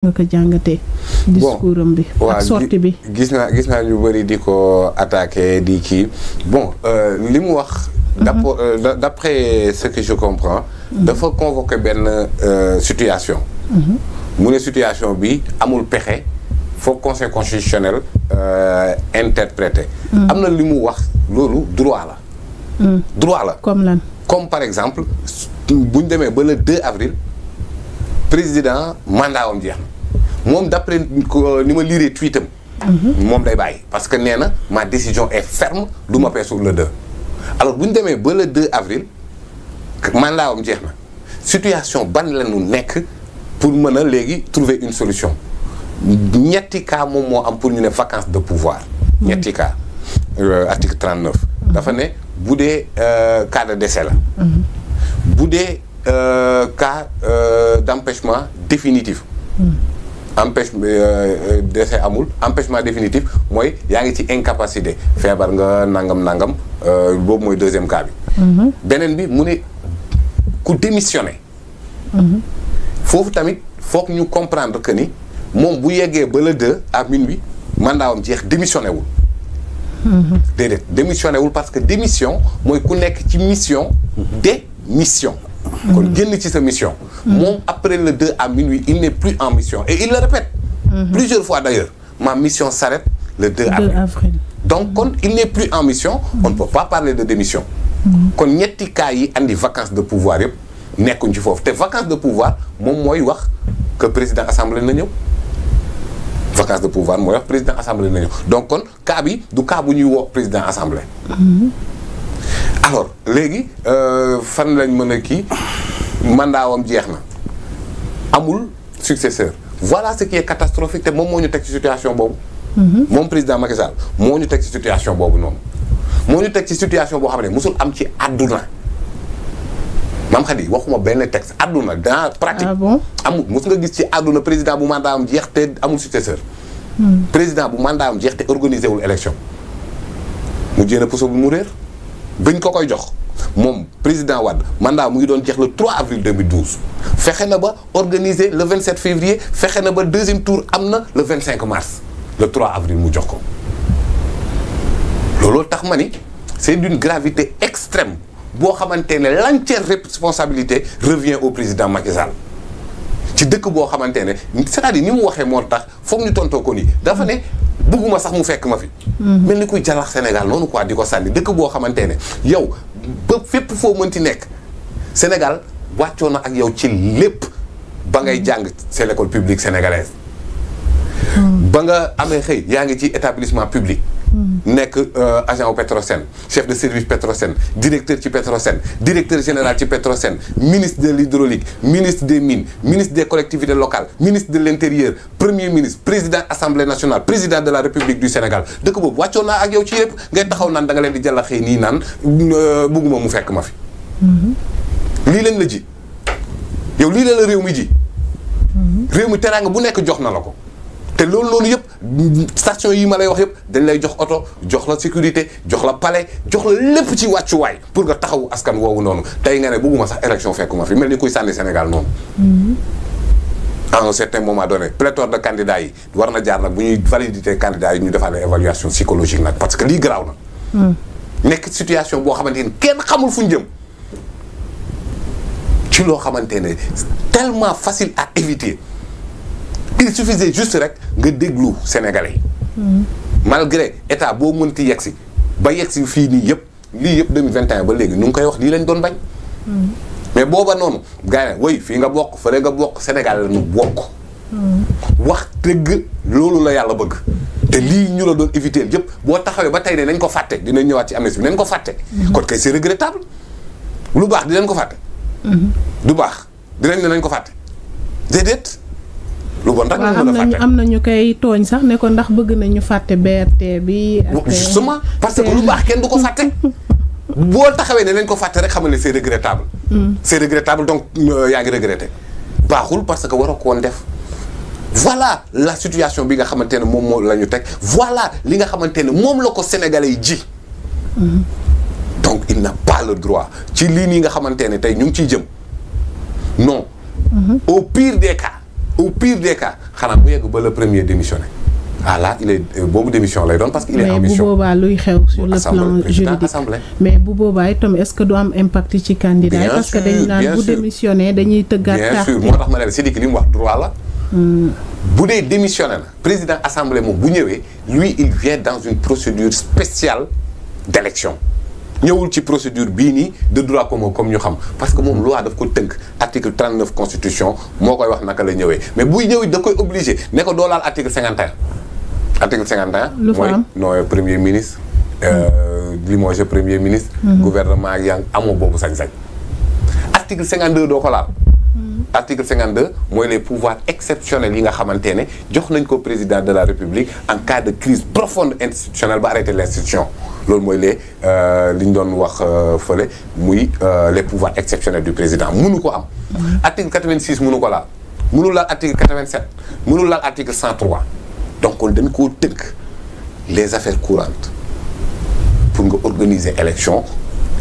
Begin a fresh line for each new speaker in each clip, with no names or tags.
nga ko jàngatee. discours bi
ak gis naa gis naa ñu bëri di ko attaqué di kii bon euh, li mu wax. Mhm. Euh, d'après ce que je comprends. Mhm. dafa convoqué benn euh, situation. Mhm. mu ne situation bi amul pexe foog conseil constitutionnel interprété. am na li mu wax loolu droit
la. droit la kom lan.
comme par exemple buñ demee ba le 2 avril président mandat am jeex. moom d' après euh, ni ma liiree tweetam mhm. moom day bàyyi parce que nee na ma décision est ferme duma ma paie sur le alors bu ñu demee ba le 2 avril mandat am jeex na situation ban la ñu nekk pour mën a léegi trouver une solution ñetti kaa moom moo am pour ñu ne vacance de pouvoir. Mhm. ñetti cas euh, trent 39. Mhm. dafa ne bu dee euh, cas de décès la. bu dee cas d' empêchement empêche euh, euh, décès amul empêchement définitif mooy yaa ngi ci incapacité feebar nga nangam nangam euh, boobu mooy deuxième cas bi. Mhm. beneen bi mu ne ku démissionné. Mhm. foofu tamit foog ñu comprendre que ni moom bu yeggee ba le deux à minuit mandaawam jeex démissionné wul. Mhm. déedéet démissionné wul parce que démission mooy ku nekk ci mission. dé mission kon génn ci sa mission. moom après le 2 à minuit il n'est plus en mission et il le répète.
Mhm.
plusieurs
fois d'ailleurs ma mission s'arrête le 2 avril. 2 donc kon il n'est plus en mission. on ne peut pas parler de démission. Mhm. kon ñetti cas yi andi vacances de pouvoir yëpp nekkuñ ci foofu te vacances de pouvoir moom mooy wax que président assemblée na ñëw. vacance de pouvoir mooy wax président assemblée na ñëw donc kon cas bi du cas ñuy woo président assemblée. Mhm. alors léegi euh, fan lañ mën a kii mandaawam jeex na amul successeur voilà ce qui est catastrophique te moom moo ñu teg ci situation boobu. Mhm. moom président Macky moo ñu teg ci situation boobu noonu. moo ñu teg ci situation boo xam ne mosul am ci àdduna maam xadi waxuma benn texte àdduna dans pratique. Ah amul mus nga gis ci àdduna président bu mandaawam jeex te amul successeur. Hmm. président bu mandaawam jeex te organisé wul élection mu jéem a puso bu mu réer. biñ ko koy jox moom président Wade mandat mu ngi doon jeex le 3 avril 2012 fexe na ba organiser le 27 février fexe na ba deuxième tour am na le 25 mars le 3 avril mu jox ko looloo tax ma ni c'est d'une gravité extrême boo xamante ne l'entière responsabilité revient au président Macky ci dëkk boo xamante ne cest à ni mu waxee moo tax foog ñu tontoo ko nii dafa ne. bëgguma sax mu fekk ma fi. Mhm. mel ni kuy jalax Sénégal noonu quoi di ko sànni dëkk boo xamante ne yow ba fépp foo mënti nekk Sénégal wàccoo na ak yow ci lépp ba ngay mhm. jàng c'est l'école publique sénégalaise. Mhm. ba nga amee xëy yaa ngi ci établissement public. nekk euh, agent au Petrosen chef de service Petrosen directeur ci Petrosen directeur général ci Petrosen ministre de l'hydraulique ministre des mines ministre des collectivités locales ministre de l'intérieur premier ministre président assemblée nationale président de la république du Sénégal dëkk boobu wàccoon naa ak yow ci yëpp ngay taxaw naan da nga leen di jàllaxee nii naan euh, bugguma mu fekk ma fi.
Mm-hmm.
lii leen la ji yow lii leen la réew mi ji. Mm-hmm. réew mi teraanga bu nekk jox na la ko. te loolu loolu yëpp station yi ma lay wax yëpp dañ lay jox oto jox la sécurité jox la pale jox la lépp ci wàccuwaay pour nga taxawu askan woowu noonu tey nga ne bëgguma sax élection fekkuma fi mel ni kuy sànni Sénégal noonu. Mhm. à un certain moment donné pléthore de candidats yi war na jaar nag bu ñuy validité candidats yi ñu defaale évaluation psychologique nag parce que lii garaaw na. Hmm. nekk situation boo xamante ni kenn xamul fu ñu jëm. ci loo xamante ne tellement facile à éviter. il suffisait juste rek nga déglu sénégalais yi. malgré état boo mënti yegg si ba yegg si fii nii yëpp lii yëpp 2021 ba léegi nu ngi koy wax lii lañ doon bañ. mais booba noonu gars yi fii nga bokk fële nga bokk Sénégal la ñu bokk. wax dëgg loolu la yàlla bëgg. te lii ñu la doon éviter yëpp boo taxawee ba tey ne nañ ko fàtte dinañ ñëwaat ci amnistie bi nañ ko fàtte. kon kay c'est regrettable. lu baax dinañ ko fàtte. Mm-hmm. du baax dinañ ne nañ ko fàtte déedéet. lu bon rek lañ mën a fàtte am
na ñu koy tooñ sax ne ko ndax bëgg nañu fàtte BRT bi. Euh, justement
parce que lu baax kenn du ko fàtte. boo taxawee ne nañ ko fàtte rek xamal ne c'est regrettable. Hmm. c'est regrettable donc euh, yaa ngi regretté. baaxul parce que waroo ko woon def. voilà la situation bi nga xamante ne moom moo la ñu teg voilà li nga xamante ne moom la ko sénégalais ji. Hmm. donc il n'a pas le droit ci lii nii nga xamante ne tey ñu ngi ciy jëm non. Hmm. au pire des cas. au pire des cas xanaa mu yegg ba le premier démissionné ah là il est euh, boobu démission lay doon parce que il est en mission mais bu
boobaa luy xew sur le plan bu boobaa itam est ce que du am impact ci candidat parce que dañu naan bu démissionné dañuy tëggaat bien sûr moo
tax ma ne la Sidiki li mu wax droit la hmm. bu dee démissionné na président assemblée moom bu ñëwee lui il vient dans une procédure spéciale d'élection ñëwul ci procédure bii nii de ko commun comme ñu xam parce que moom lu loi daf ko tënk article 39 constitution moo koy wax naka la ñëwee mais buy ñëwee da koy obligé ne ko doo laal article 51. article 51. lu mooy nooy euh, premier ministre. Euh, limogé premier ministre. Mm-hmm. gouvernement ak yaa amoo boobu sañ-sañ. article 52 doo ko laal. article 52 mooy les pouvoirs exceptionnels yi nga xamante ne jox nañ ko président de la république en cas de crise profonde institutionnelle ba arrêter l'institution loolu mooy les euh, li ñu doon wax euh, fële muy euh, les pouvoirs exceptionnels du président mënu ko am article 86 mënu ko laal mënul laal article 87 mënul laal article 103 donc dañ ko tënk les affaires courantes pour nga organiser élection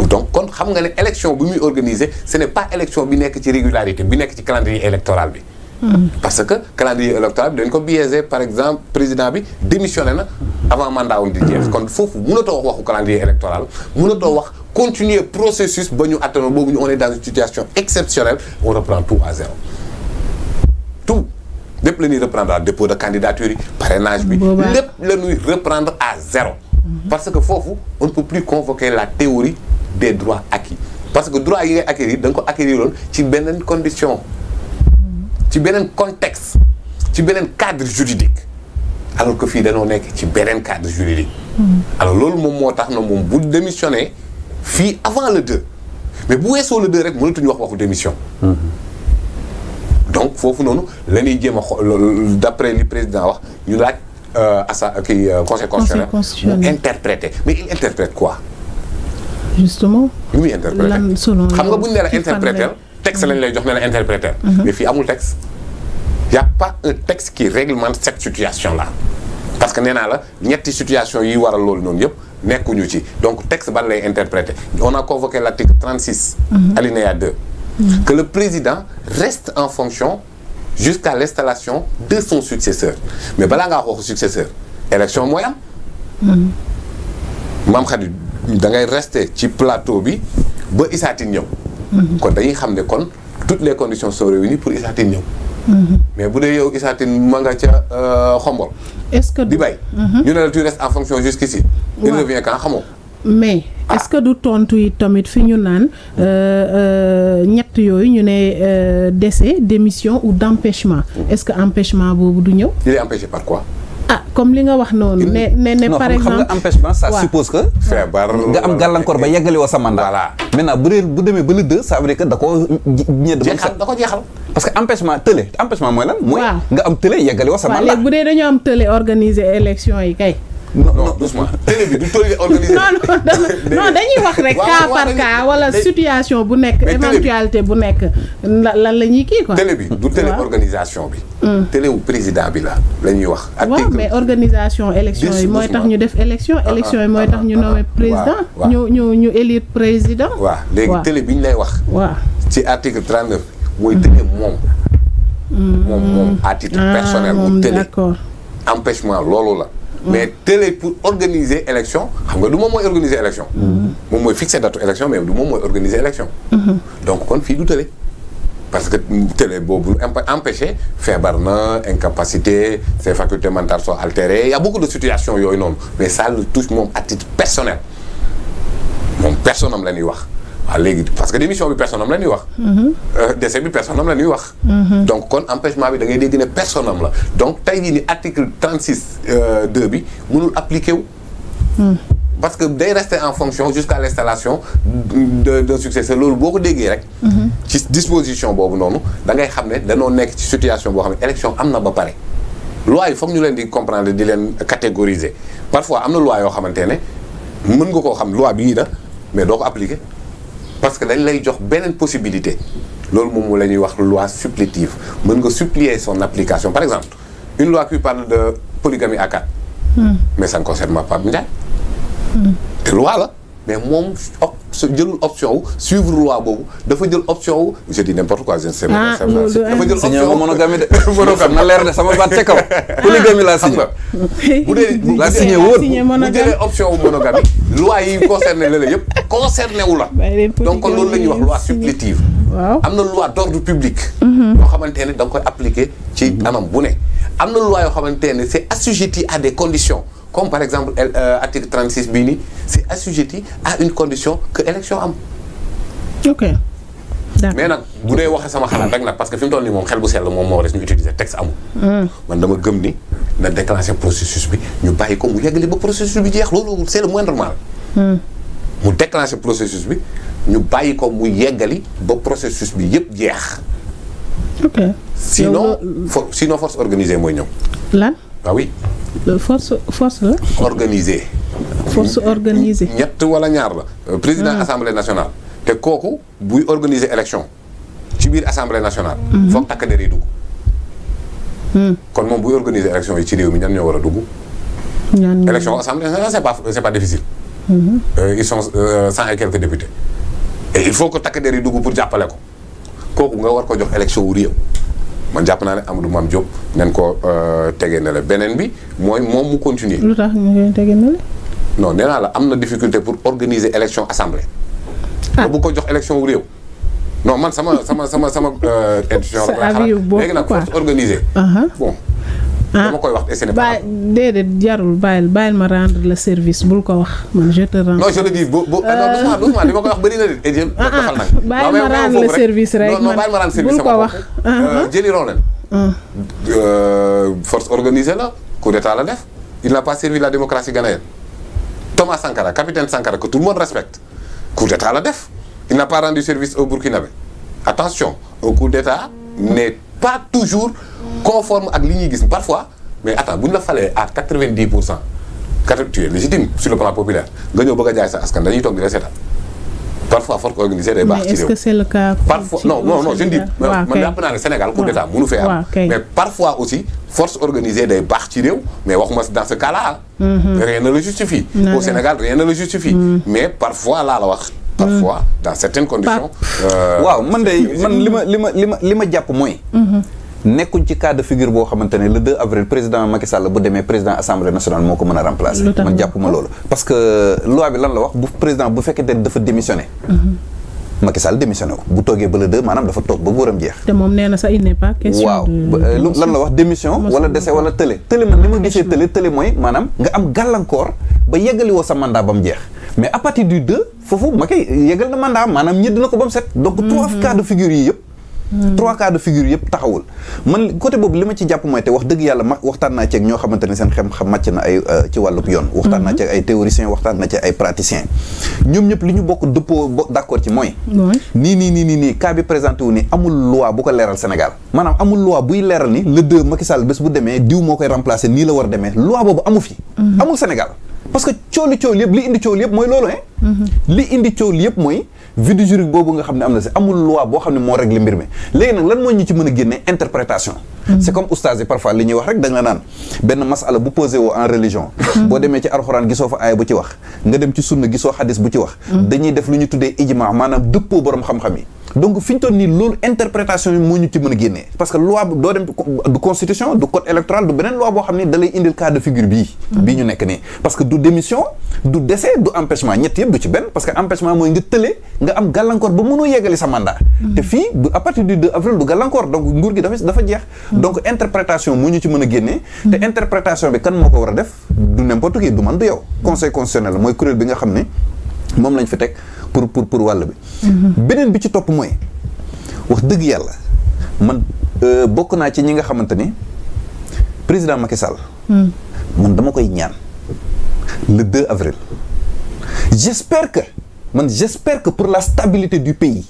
donc kon xam nga ne élection bi muy organiser ce n'est pas élection bi nekk ci régularité bi nekk ci calendrier électoral bi. Hmm. parce que calendrier électoral bi dañ ko biaisé par exemple président bi démissionné na avant mandat wu di jeex. Hmm. kon foofu mënatoo wax waxu calendrier électoral mënatoo wax continuer processus ba ñu atténuer boobu ñu on est dans une situation exceptionnelle on reprend tout à zéro tout. lépp la ñuy reprendre à de candidature yi parrainage bi lépp la reprendre à zéro hmm. parce que foofu on ne peut plus convoquer la théorie des droits acquis parce que droit yi ngay acquérir da nga ko acquérir woon ci beneen condition ci beneen contexte ci beneen cadre juridique alors que fii dañoo nekk ci beneen cadre juridique alors loolu moom moo tax na moom bu démissionné fii avant le deux mais bu weesoo le deux rek mënatuñu wax waxu démission donc foofu noonu la ñuy jéem a xool d' après li président wax ñu laaj euh, asa kii euh, conseil constitutionnel mu interprété mais il interprète quoi justement. lu muy interprété lan
selon xam nga la interprété
texte lay jox ne la mhm. mais fii amul texte. y' a pas un texte qui réglemente cette situation là. parce que nee naa la ñetti situation yi waral loolu noonu yëpp nekkuñu ci donc texte ban lay interprété on a convoqué l' article 36. Mhm. alinéa 2. Mhm. que le président reste en fonction jusqu'à l'installation de son successeur mais balaa ngaa wax successeur élection mooy
am.
maam da ngay rester ci plateau bi ba Isatine ñëw. Mhm. kon dañuy xam ne kon toutes les conditions sont réunies pour Isatine ñëw. Mhm. mais bu dee yow Isatine ma nga ca euh, xombol. est-ce que di bay. Mhm. ñu ne la tu restes en fonction jusqu'ici. il revient quand xamoo.
mais ah. est-ce que du tontu yi tamit fi ñu naan euh, euh, ñett yooyu ñu ne décès démission ou d'empêchement mm. est-ce que empêchement boobu du ñëw.
il est empêché par quoi.
comme li nga wax noonu. ne ne ne par exemple nga
empêchement ça suppose que. feebar nga am euh, gàllankoor ba yeggali woo sa mandat. voilà maintenant bu dee bu demee ba le deux ça da koo ñedd jeexal da ko jeexal. parce que empêchement tële empêchement mooy lan. mooy nga am tële yeggali sa mandat.
bu dee dañoo am tële organiser élection yi kay.
non du tolli
organisé. non dañuy wax rek. cas par cas wala situation bu nekk. éventualité bu nekk lan la ñuy kii quoi. télé bi du
organisation bi. Mm. télé wu président bi la la ñuy wax.
waaw mais organisation élection yi mooy tax ñu def élection. élection yi mooy tax ñu nommé ah, ah, ah, président. ñu ñu ñu élire président. waaw
léegi télé bi ñu lay wax. waaw ci article 39. mooy mm. télé moom. moom mm. moom à titre personnel. mu télé empêchement loolu la. mais télé pour organiser élection xam nga du moom mooy organiser élection.
moom
mooy fixer date élection mais du moom mooy organiser élection. Mm-hmm. donc kon fii du télé. parce que télé boobu empêché feebar na incapacité ses facultés mentales sont altérées il y a beaucoup de situations yooyu noonu mais ça touche moom à personnel moom personne am la ñuy wax waaw léegi parce que démission bi personne am la ñuy wax. Mm-hmm. Euh, décès bi personne am wax. Mm-hmm. donc kon empêchement bi da ngay dégg ne personne am la donc tey jii ni article 36 2 euh, bi mënul appliqué parce que day rester en fonction jusqu'à l'installation de d'un successeur loolu boo ko déggee rek mhm. ci disposition boobu noonu da ngay xam ne danoo nekk ci situation boo xam ne élection am na ba pare loi yi foog ñu leen di comprendre di leen catégoriser parfois am na loi yoo xamante ne mën nga koo xam loi bi na mais doo ko appliquer parce que dañ lay jox beneen possibilité loolu moom la ñuy wax loi supplétive mën nga supplier son application par exemple une loi qui parle de polygamie à quatre hmm. mais ça ne concerne pas te loi la mais moom op jëlul option wu suivre loi boobu dafa jël option wu je dis n'importe quoi je ne sais pas. Ah, dafa jël option monogami de. monogami na leer de sama baat ca kaw. Ah. polygami laa signé bu dee laa signé wóor bu jëlee option wu monogami loi yi concerné la yëpp concerné wu la. donc kon loolu la ñuy wax loi supplétive. waaw am na loi d'ordre public. Mhm. yoo xamante ne da nga koy appliquer ci anam bu ne. am na loi yoo xamante ne c'est assujetti à des condition comme par exemple euh, article 36 bii nii c'est assujetti a une condition que élection am. ok d'accord nag bu dee waxee sama xalaat rek nag parce que fi mu toll nii moom xel bu sell moom moo des ñu utiliser texte amul. Hmm. man dama gëm ni na déclencher processus bi ñu bàyyi ko mu yeggali ba processus bi jeex loolu c'est le moins normal. Hmm. mu déclencher procesus bi ñu bàyyi ko mu yeggali ba processus bi yëpp jeex. ok sinon sinon force organisée mooy ñëw. lan ah
Euh, force force la.
organisée.
force organisée.
ñett wala ñaar la. Euh, président ah. assemblée nationale. te kooku buy organiser élection ci biir assemblée nationale. Mm-hmm. foog takk der yi dugg. Mm. kon moom buy organiser élection yi ci réew mi ñan ñoo war a dugg. ñan élection assemblée nationale c'est pas c'est pas difficile. Mm-hmm. Euh, ils sont cent et quelques il faut que takk der yi dugg pour jàppale ko kooku nga war ko jox élection wu réew. ma jàpp naa ne Amadou Mame Diop nañ ko euh, tegee na la beneen bi mooy moom mu continuer.
lu tax ñu koy tegee ne la.
non nee la am na difficulté pour organiser élection assemblée. ah bu ko jox élection wu réew. non man sama sama sama sama. Euh, élection la léegi nag force organiser. Uh-huh. Ah. dama koy wax et ce n'est pas.
déedéet jarul bàyyil bàyyil ma rendre le service bul ko wax man je te rends. non je te dis
bu bu euh. non doucement li ma koy wax bëri na de. et jëm defal ah, ah. nag. bàyyil ma rendre le service rek man bul ko wax. Euh, Jenny Rawlings. Euh, force organisée la coup d'état la def il n'a pas servi la démocratie ghanéenne Thomas Sankara capitaine Sankara que tout le monde respecte coup d'état la def il n'a pas rendu service au Burkinabé attention un coup d'état n'est pas toujours. conforme ak li ñuy gis parfois mais attends bu ñu la falee à quatre-vingt-dix pour cent tu es légitime sur le plan populaire nga ñëw bëgg a jaay sa askan dañuy toog di la seetaan parfois force organisée day baax. ci réew mais est-ce que
c'est le cas parfois non non non je ne dis. Ah, man jàpp naa ne Sénégal coup ah, d'état mënu fee am. Ah, mais
parfois aussi force organisée day baax ci réew. mais waxuma dans ce cas-là. Mm-hmm. rien ne le justifie. au Sénégal rien ne le justifie. Mm. mais parfois laa la wax. parfois mm. dans certaines conditions. Euh, waaw man de man li ma
li ma li ma li ma jàpp mooy. Mm-hmm. nekkuñ ci cas de figure boo xamante ne le 2 avril président Macky Sall bu demee président assemblée nationale moo ko mën a remplacer. man jàppuma loolu. parce que loi bi lan la wax bu président bu fekkente ne dafa démissionné.
Mm-hmm.
Macky Sall ko bu toogee ba le 2 maanaam dafa toog ba góoram jeex.
te moom nee euh, lan la wax
démission. wala décès wala tële. tële man ni ma gisee tële maanaam nga am gàllankoor ba yeggaliwoo sa mandat ba mu jeex. mais à partir du 2 foofu Macky yeggal na maanaam ñedd na ba mu set. donc trois mm-hmm. figure yii yëpp. trois cas de figure yëpp taxawul man côté boobu li ma ci jàpp mooy te wax dëgg yàlla ma waxtaan naa ceeg ñoo xamante seen xam-xam màcc na ay euh, ci wàllub yoon mhm. waxtaan naa ceeg ay théoricien waxtaan na ci ay praticien ñoom ñëpp li ñu bokk dëppoo d'accord ci mooy
nii
nii nii nii nii cas bi présenté wu ni amul loi bu ko leeral Sénégal maanaam amul loi buy leeral ni le deux Macky Sall bés bu demee diw moo koy remplacer nii la war demee loi boobu amu fi mhm. amul Sénégal parce que cooli cooli yëpp li indi cooli yëpp mooy loolu hein mhm. li indi cooli yëpp mooy vide juridique boobu nga xam ne am na si amul loi boo xam ne moo réglé mbir mi léegi nag lan moo ñu ci mën a génne interprétation mm-hmm. c'est comme oustaz yi parfois li ñuy wax rek da nga benn masala bu posé en religion mm-hmm. boo demee ci alxuraan gisoo fa aaya bu ci wax nga dem ci sunna gisoo xadis bu ci wax mm-hmm. dañuy def lu ñu tuddee ijma maanaam dëppoo borom xam-xam yi donc fi ñu nii loolu interprétation yi mu ñu ci mën a génnee parce que loi doo dem du constitution du code électoral du beneen loi boo xam ne da lay indil cas de figure bii mm-hmm. bii ñu nekk nii parce que du démission du décès du empêchement ñett yëpp du ci benn parce que empêchement mooy nga tële nga am gàllankoor ba mënoo yeggali sa mandat mm-hmm. te fii du à partir du 2 avril du gàllankoor donc nguur gi dafa dafa jeex mm-hmm. donc interprétation moo ñu ci mën a génnee te interprétation bi kan moo ko war a def du n'importe qui du man du yow mooy kuréel bi nga xam ne moom lañ fi teg pour pour pour wàll bi. Mhm. beneen bi ci topp mooy wax dëgg yàlla man euh, bokk naa ci ñi nga xamante ni président Macky Sall. Hmm. man dama koy ñaan le 2 avril. j'espère que man j'espère que pour la stabilité du pays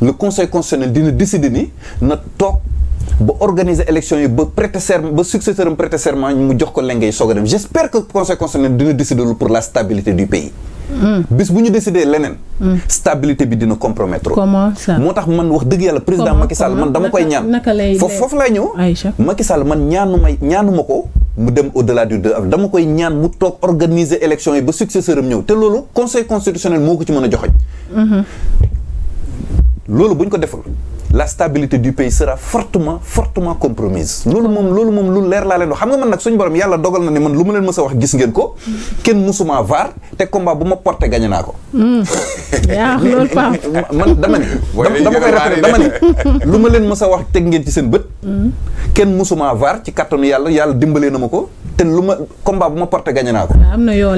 le conseil constitutionnel dina décider ni na toog ba organiser élection yi ba prêter serment ba successeur am prêter serment mu jox ko lenge yi soog a dem j'espère que conseil constitutionnel dina décider lu pour la stabilité du pays. Hmm. bis bu ñu décidé leneen. Hmm. stabilité bi dina compromettre. comment ça moo tax man wax dëgg yàlla président Macky Sall man dama koy ñaan. naka lay foofu lay ñëw. Aïcha Macky Sall man ñaanu may ñaanu ma ko. mu dem au delà du 2 avril dama koy ñaan mu toog organiser élection yi ba successeur am ñëw te loolu conseil constitutionnel moo ko ci mën a joxoñ hmm. loolu bu ñu ko defal. la stabilité du pays sera fortement fortement compromise loolu moom loolu moom lu leer laa leen wax xam nga man nag suñu borom yàlla dogal na ne man lu ma leen mës a wax gis ngeen ko kenn mësuma vaar te combat bu ma porté gagné naa ko.
Hmm. yaa loolu paa.
man dama ne. dama koy rafetlu dama ne lu ma leen mës a wax teg ngeen ci seen bët. Hmm. kenn mësuma vaar ci kattanu yàlla yàlla dimbalee na ma ko. ten lu ma combat bu ma porté gagné ko. Ah,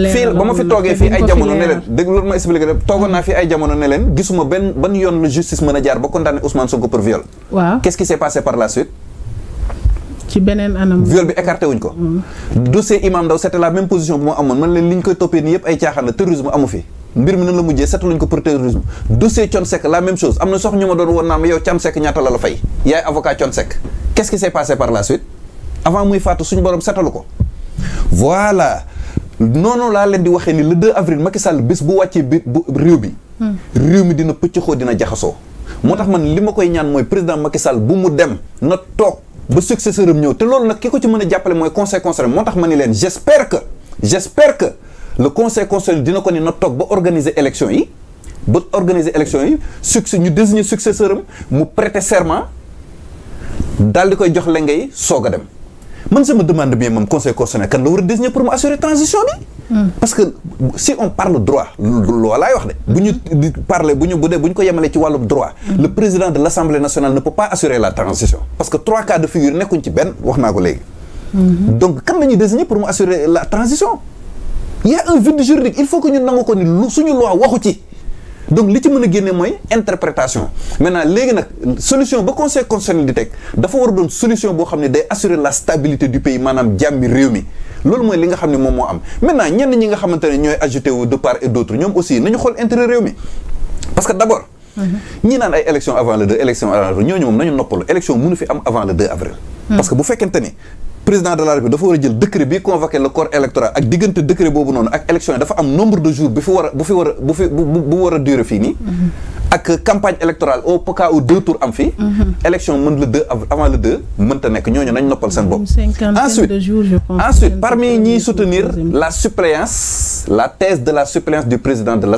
fii ba ma fi toogee fii ay jamono ne leen
dégg loolu ma expliqué rek toogoon naa fii ay jamono ne leen gisuma benn ban yoon la justice mën a jaar ba condamné Ousmane Sonko pour viol. waaw qu'est-ce qui ko. Mm. dossier Imam Ndaw c'était la leen li ñu koy toppee nii yëpp ay caaxaan la terrorisme amu fi. mbir mi nan la mujjee seetaluñ ko pour terrorisme dossier Thione Seck la même chose am na sox ñu ma doon woon naa ma yow Thione ñaata la la fay. yaay avocat Thione Seck qu'est-ce setalu ko voilà noonu laa leen di waxee ni le 2 avril Macky Sall bés bu wàccee bi bu réew bi hmm. réew mi dina pëccëxoo dina jaxasoo moo tax man li ma koy ñaan mooy président Macky Sall bu mu dem na toog ba successeur am ñëw te loolu nag ki ko ci mën a jàppale mooy conseil constitutionnel moo tax ma ni leen j'espère que j'espère que le conseil constitutionnel dina ko ni na toog ba organiser élection yi ba organiser élection yi succès ñu désigner successeur am mu prêter serment daal di koy jox lenge yi soog a dem man sama demande bien moom conseil constitutionnel kan la war a désigner pour mu assurer transition bi. Hmm. parce que si on parle droit loo laay wax de. bu ñu di bu ñu ko yemalee ci wàllum droit. Hmm. le président de l' assemblée nationale ne peut pas assurer la transition. parce que trois cas de figure nekkuñ ci benn wax naa ko léegi. Hmm. donc kan la ñuy désigner pour mu assurer la transition. y' a un vide juridique il faut que ñu nangu ko ni lu suñu loi ci. donc li ci mën a génne mooy interprétation maintenant léegi nag solution ba conseil constitutionnel di teg dafa war doon solution boo xam ne day assurer la stabilité du pays maanaam jàmmi réew mi loolu mooy li nga xam ne moom moo am maintenant ñenn ñi nga xamante ne ñooy ajouté wu de part et d'autre ñoom aussi nañu xool intérêt réew mi parce que d'abord ñii naan ay élection avant le 2 élection avant le 2 ñooñu moom nañu noppalu élection mënu fi am avant le président de la République dafa war a jël décret bi convoqué le corps électoral ak diggante décret boobu noonu ak élection yi dafa am nombre de jours bu fi war a bu fi a bu bu war a durer fii nii. Mhm. ak campagne électorale au cas où deux am fi. Mhm. élection mën le deux avant le deux mënta nekk ñooñu nañ noppal seen bopp. ensuite ensuite parmi ñiy soutenir la suppléance la thèse de la suppléance du président de l'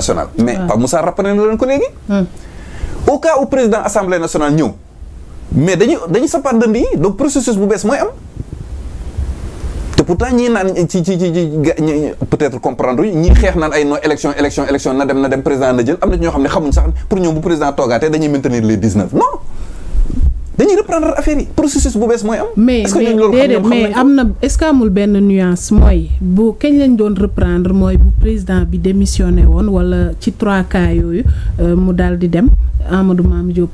nationale. mais Pape Moussa rappelé na leen ko léegi. Hmm. pourtant ñii naan ci ci ci ci peut-être comprendre ñu ñii xeex naan ay non élection élection élection na dem na dem président na jël am na ñoo xam ne xamuñ sax pour ñoom bu président toogaatee dañuy maintenir les 19 non dañuy reprendre affaire yi processus bu bees mooy am. est-ce que ñun loolu mais am
na est-ce que benn nuance mooy bu kañ lañ doon reprendre mooy bu président bi
démissionné woon wala ci trois cas yooyu euh, mu daal di dem amadu maam Diop